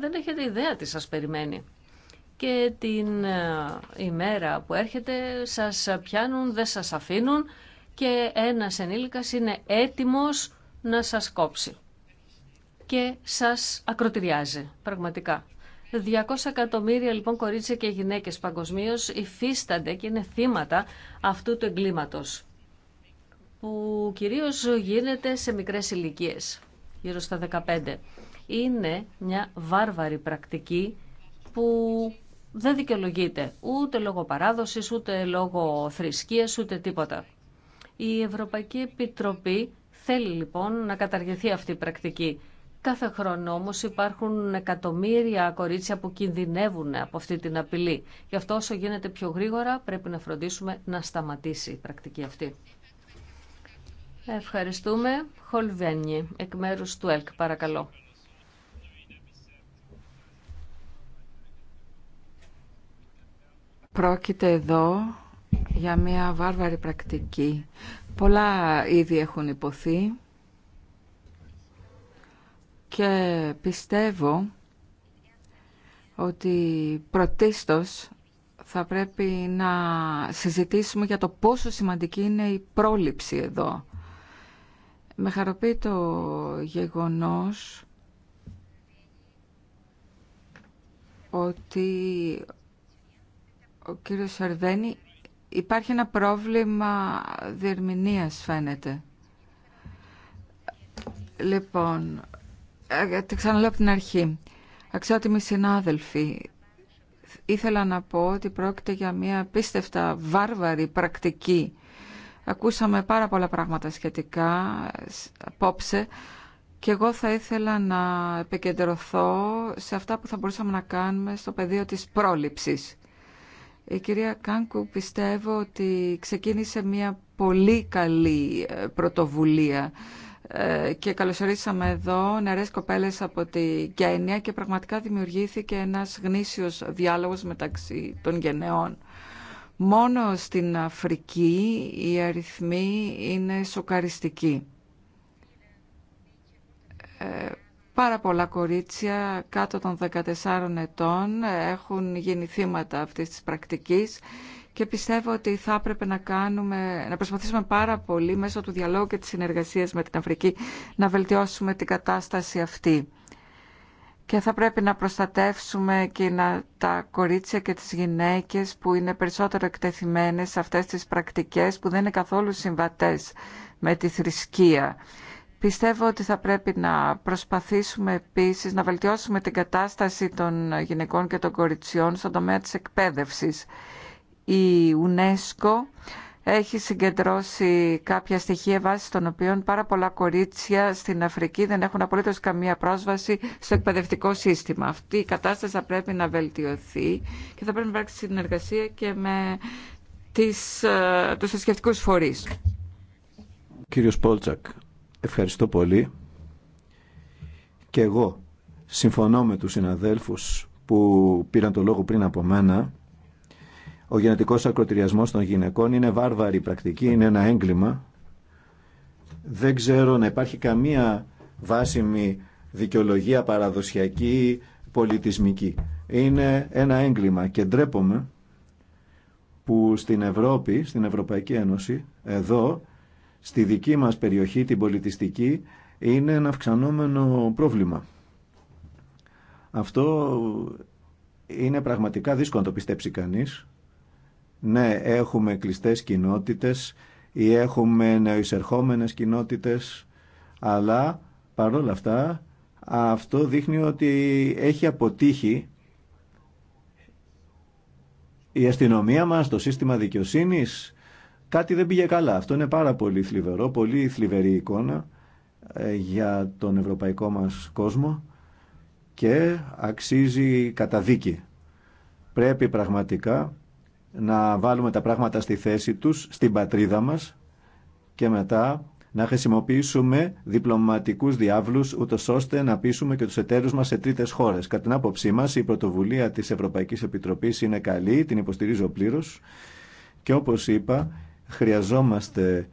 δεν έχετε ιδέα τι σας περιμένει. Και την ε, ημέρα που έρχεται σας πιάνουν, δεν σας αφήνουν και ένας ενήλικας είναι έτοιμος να σας κόψει. Και σας ακροτηριάζει, πραγματικά. 200 εκατομμύρια λοιπόν κορίτσια και γυναίκες παγκοσμίω υφίστανται και είναι θύματα αυτού του εγκλήματος που κυρίως γίνεται σε μικρές ηλικίες, γύρω στα 15 είναι μια βάρβαρη πρακτική που δεν δικαιολογείται ούτε λόγω παράδοσης, ούτε λόγω θρησκείας, ούτε τίποτα. Η Ευρωπαϊκή Επιτροπή θέλει λοιπόν να καταργηθεί αυτή η πρακτική. Κάθε χρόνο όμως υπάρχουν εκατομμύρια κορίτσια που κινδυνεύουν από αυτή την απειλή. Γι' αυτό όσο γίνεται πιο γρήγορα πρέπει να φροντίσουμε να σταματήσει η πρακτική αυτή. Ευχαριστούμε. Χολβένι, εκ μέρους του ΕΛΚ, παρακαλώ. Πρόκειται εδώ για μια βάρβαρη πρακτική. Πολλά ήδη έχουν υποθεί και πιστεύω ότι πρωτίστως θα πρέπει να συζητήσουμε για το πόσο σημαντική είναι η πρόληψη εδώ. Με χαροποιεί το γεγονός ότι ο κύριος Σαρδένη, υπάρχει ένα πρόβλημα διερμηνίας φαίνεται. Λοιπόν, ε, ε, τα ξαναλέω από την αρχή. Αξιότιμοι συνάδελφοι, ήθελα να πω ότι πρόκειται για μια πίστευτα βάρβαρη πρακτική. Ακούσαμε πάρα πολλά πράγματα σχετικά απόψε και εγώ θα ήθελα να επικεντρωθώ σε αυτά που θα μπορούσαμε να κάνουμε στο πεδίο της πρόληψης. Η κυρία Κάνκου πιστεύω ότι ξεκίνησε μια πολύ καλή ε, πρωτοβουλία ε, και καλωσορίσαμε εδώ νεαρές κοπέλες από τη Γένεια και πραγματικά δημιουργήθηκε ένας γνήσιος διάλογος μεταξύ των γενεών. Μόνο στην Αφρική οι αριθμοί είναι σοκαριστικοί. Ε, Πάρα πολλά κορίτσια κάτω των 14 ετών έχουν γίνει θύματα αυτής της πρακτικής και πιστεύω ότι θα έπρεπε να, κάνουμε, να προσπαθήσουμε πάρα πολύ μέσω του διαλόγου και της συνεργασίας με την Αφρική να βελτιώσουμε την κατάσταση αυτή. Και θα πρέπει να προστατεύσουμε και να, τα κορίτσια και τις γυναίκες που είναι περισσότερο εκτεθειμένες σε αυτές τις πρακτικές που δεν είναι καθόλου συμβατές με τη θρησκεία. Πιστεύω ότι θα πρέπει να προσπαθήσουμε επίσης να βελτιώσουμε την κατάσταση των γυναικών και των κοριτσιών στον τομέα της εκπαίδευσης. Η UNESCO έχει συγκεντρώσει κάποια στοιχεία βάσει των οποίων πάρα πολλά κορίτσια στην Αφρική δεν έχουν απολύτως καμία πρόσβαση στο εκπαιδευτικό σύστημα. Αυτή η κατάσταση θα πρέπει να βελτιωθεί και θα πρέπει να υπάρξει συνεργασία και με τις, ε, τους θρησκευτικού φορείς. Κύριος Πόλτσακ, Ευχαριστώ πολύ. Και εγώ συμφωνώ με τους συναδέλφους που πήραν το λόγο πριν από μένα. Ο γενετικός ακροτηριασμός των γυναικών είναι βάρβαρη πρακτική, είναι ένα έγκλημα. Δεν ξέρω να υπάρχει καμία βάσιμη δικαιολογία παραδοσιακή, πολιτισμική. Είναι ένα έγκλημα και ντρέπομαι που στην Ευρώπη, στην Ευρωπαϊκή Ένωση, εδώ στη δική μας περιοχή, την πολιτιστική, είναι ένα αυξανόμενο πρόβλημα. Αυτό είναι πραγματικά δύσκολο να το πιστέψει κανείς. Ναι, έχουμε κλειστές κοινότητες ή έχουμε νεοεισερχόμενες κοινότητες, αλλά παρόλα αυτά αυτό δείχνει ότι έχει αποτύχει η αστυνομία μας, το σύστημα δικαιοσύνης, κάτι δεν πήγε καλά. Αυτό είναι πάρα πολύ θλιβερό, πολύ θλιβερή εικόνα ε, για τον ευρωπαϊκό μας κόσμο και αξίζει καταδίκη. Πρέπει πραγματικά να βάλουμε τα πράγματα στη θέση τους, στην πατρίδα μας και μετά να χρησιμοποιήσουμε διπλωματικούς διάβλους ούτω ώστε να πείσουμε και τους εταίρους μας σε τρίτες χώρες. Κατά την άποψή μας η πρωτοβουλία της Ευρωπαϊκής Επιτροπής είναι καλή, την υποστηρίζω πλήρως και όπως είπα Χρειαζόμαστε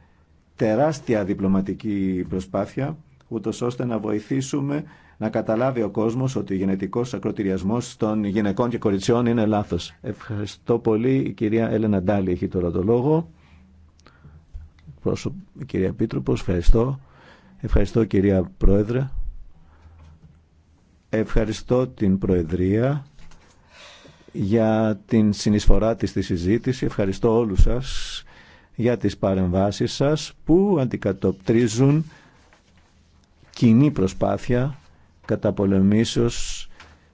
τεράστια διπλωματική προσπάθεια, ούτω ώστε να βοηθήσουμε να καταλάβει ο κόσμος ότι ο γενετικός ακροτηριασμός των γυναικών και κοριτσιών είναι λάθος. Ευχαριστώ πολύ. Η κυρία Έλενα Ντάλη έχει τώρα το λόγο. Η κυρία Πίτροπος, ευχαριστώ. Ευχαριστώ κυρία Πρόεδρε. Ευχαριστώ την Προεδρία για την συνεισφορά της στη συζήτηση. Ευχαριστώ όλους σας για τις παρεμβάσεις σας που αντικατοπτρίζουν κοινή προσπάθεια καταπολεμήσεως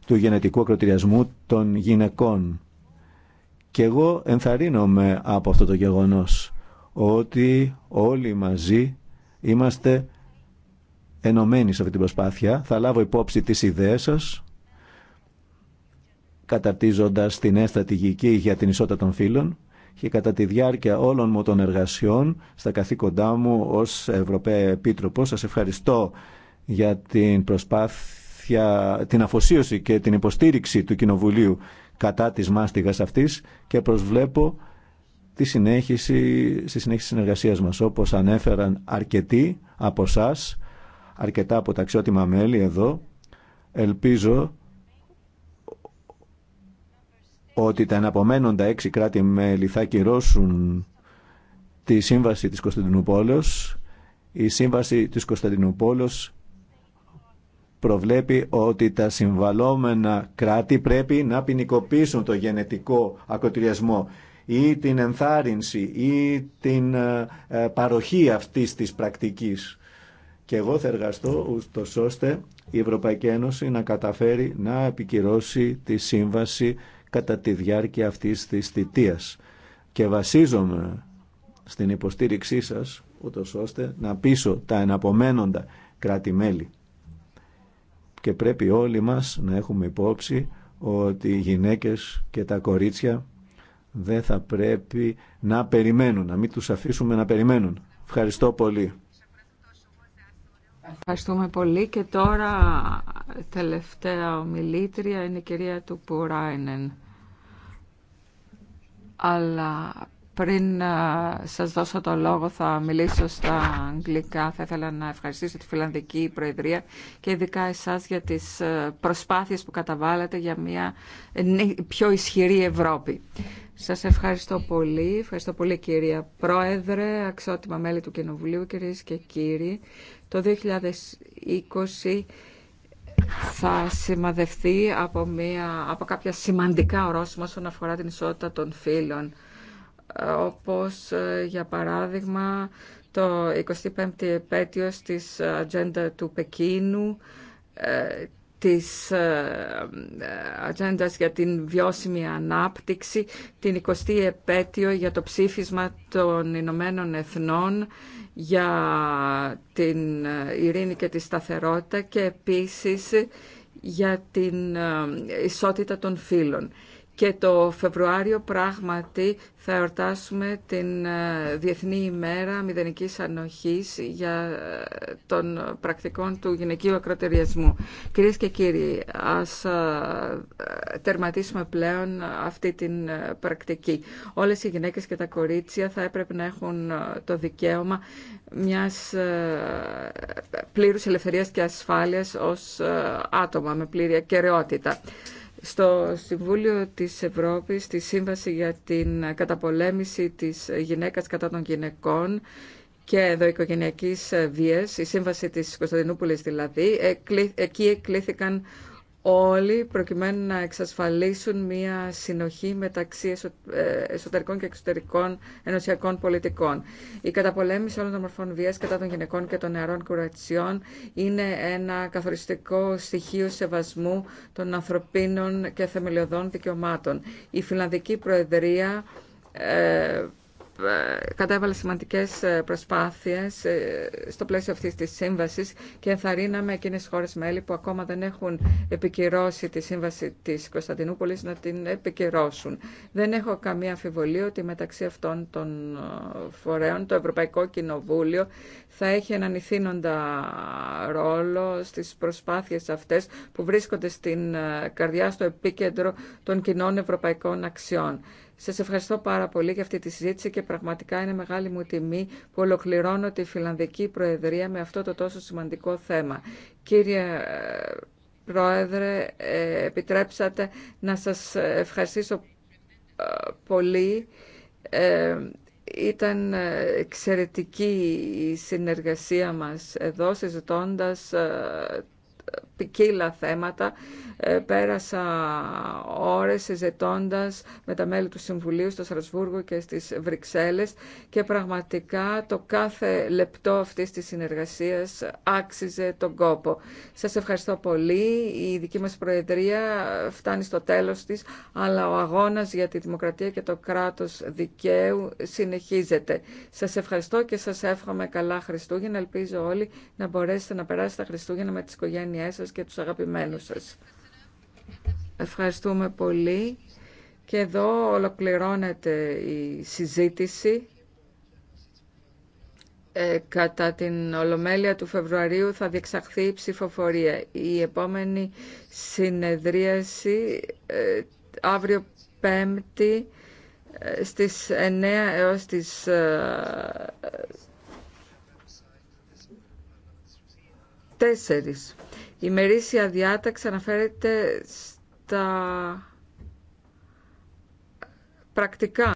του γενετικού ακροτηριασμού των γυναικών. Και εγώ ενθαρρύνομαι από αυτό το γεγονός ότι όλοι μαζί είμαστε ενωμένοι σε αυτή την προσπάθεια. Θα λάβω υπόψη τις ιδέες σας, καταρτίζοντας την έστρατηγική για την ισότητα των φύλων και κατά τη διάρκεια όλων μου των εργασιών στα καθήκοντά μου ως Ευρωπαία Επίτροπο. Σας ευχαριστώ για την προσπάθεια, την αφοσίωση και την υποστήριξη του Κοινοβουλίου κατά της μάστιγας αυτής και προσβλέπω τη συνέχιση, στη συνέχιση συνεργασίας μας όπως ανέφεραν αρκετοί από εσά, αρκετά από τα αξιότιμα μέλη εδώ. Ελπίζω ότι τα εναπομένοντα έξι κράτη-μέλη θα κυρώσουν τη σύμβαση της Κωνσταντινούπολης. Η σύμβαση της Κωνσταντινούπολης προβλέπει ότι τα συμβαλόμενα κράτη πρέπει να ποινικοποιήσουν το γενετικό ακοτηριασμό ή την ενθάρρυνση ή την ε, ε, παροχή αυτής της πρακτικής. Και εγώ θα εργαστώ ούτως ώστε η Ευρωπαϊκή εγω θα εργαστω ωστε η ευρωπαικη ενωση να καταφέρει να επικυρώσει τη σύμβαση κατά τη διάρκεια αυτής της θητείας. Και βασίζομαι στην υποστήριξή σας, ούτω ώστε να πείσω τα εναπομένοντα κράτη-μέλη. Και πρέπει όλοι μας να έχουμε υπόψη ότι οι γυναίκες και τα κορίτσια δεν θα πρέπει να περιμένουν, να μην τους αφήσουμε να περιμένουν. Ευχαριστώ πολύ. Ευχαριστούμε πολύ και τώρα τελευταία ομιλήτρια είναι η κυρία του Πουράινεν αλλά πριν σας δώσω το λόγο θα μιλήσω στα αγγλικά. Θα ήθελα να ευχαριστήσω τη Φιλανδική Προεδρία και ειδικά εσάς για τις προσπάθειες που καταβάλλατε για μια ε, πιο ισχυρή Ευρώπη. Σας ευχαριστώ πολύ. Ευχαριστώ πολύ κυρία Πρόεδρε, αξιότιμα μέλη του Κοινοβουλίου, κυρίες και κύριοι. Το 2020 θα σημαδευτεί από, μια, από κάποια σημαντικά ορόσημα όσον αφορά την ισότητα των φύλων ε, όπως ε, για παράδειγμα το 25η επέτειο της ατζέντα του Πεκίνου ε, της ε, ε, ατζέντας για την βιώσιμη ανάπτυξη, την 20η επέτειο για το ψήφισμα των Ηνωμένων Εθνών για την ε, ειρήνη και τη σταθερότητα και επίσης για την ισότητα των φύλων και το Φεβρουάριο πράγματι θα εορτάσουμε την ε, Διεθνή ημέρα μηδενικής ανοχής για ε, των πρακτικών του γυναικείου ακροτεριασμού. Κυρίες και κύριοι, ας ε, τερματίσουμε πλέον αυτή την πρακτική. Όλες οι γυναίκες και τα κορίτσια θα έπρεπε να έχουν το δικαίωμα μιας πλήρους ελευθερίας και ασφάλειας ως άτομα με πλήρη ακαιρεότητα στο Συμβούλιο της Ευρώπης τη Σύμβαση για την καταπολέμηση της γυναίκας κατά των γυναικών και οικογενειακής βίας, η Σύμβαση της Κωνσταντινούπολης δηλαδή, εκεί εκλήθηκαν όλοι προκειμένου να εξασφαλίσουν μία συνοχή μεταξύ ε, εσωτερικών και εξωτερικών ενωσιακών πολιτικών. Η καταπολέμηση όλων των μορφών βίας κατά των γυναικών και των νεαρών κουρατσιών είναι ένα καθοριστικό στοιχείο σεβασμού των ανθρωπίνων και θεμελιωδών δικαιωμάτων. Η Φιλανδική Προεδρία ε, κατέβαλε σημαντικές ε, προσπάθειες ε, στο πλαίσιο αυτής της σύμβασης και ενθαρρύναμε εκείνες χώρες μέλη που ακόμα δεν έχουν επικυρώσει τη σύμβαση της Κωνσταντινούπολης να την επικυρώσουν. Δεν έχω καμία αμφιβολία ότι μεταξύ αυτών των ε, φορέων το Ευρωπαϊκό Κοινοβούλιο θα έχει έναν ηθήνοντα ρόλο στις προσπάθειες αυτές που βρίσκονται στην καρδιά, στο επίκεντρο των κοινών ευρωπαϊκών αξιών. Σα ευχαριστώ πάρα πολύ για αυτή τη συζήτηση και πραγματικά είναι μεγάλη μου τιμή που ολοκληρώνω τη Φιλανδική Προεδρία με αυτό το τόσο σημαντικό θέμα. Κύριε ε, Πρόεδρε, ε, επιτρέψατε να σας ευχαριστήσω ε, πολύ. Ήταν εξαιρετική η συνεργασία μας εδώ συζητώντας ποικίλα θέματα. Ε, πέρασα ώρες συζητώντα με τα μέλη του Συμβουλίου στο Στρασβούργο και στις Βρυξέλλες και πραγματικά το κάθε λεπτό αυτής της συνεργασίας άξιζε τον κόπο. Σας ευχαριστώ πολύ. Η δική μας Προεδρία φτάνει στο τέλος της, αλλά ο αγώνας για τη δημοκρατία και το κράτος δικαίου συνεχίζεται. Σας ευχαριστώ και σας εύχομαι καλά Χριστούγεννα. Ελπίζω όλοι να μπορέσετε να περάσετε τα Χριστούγεννα με τις οικογένειές σας και τους αγαπημένους σας. Ευχαριστούμε πολύ. Και εδώ ολοκληρώνεται η συζήτηση. Ε, κατά την Ολομέλεια του Φεβρουαρίου θα διεξαχθεί η ψηφοφορία. Η επόμενη συνεδρίαση ε, αύριο Πέμπτη 5η ε, στις 9 έως τις 4. Ε, η μερίσια διάταξη αναφέρεται στα πρακτικά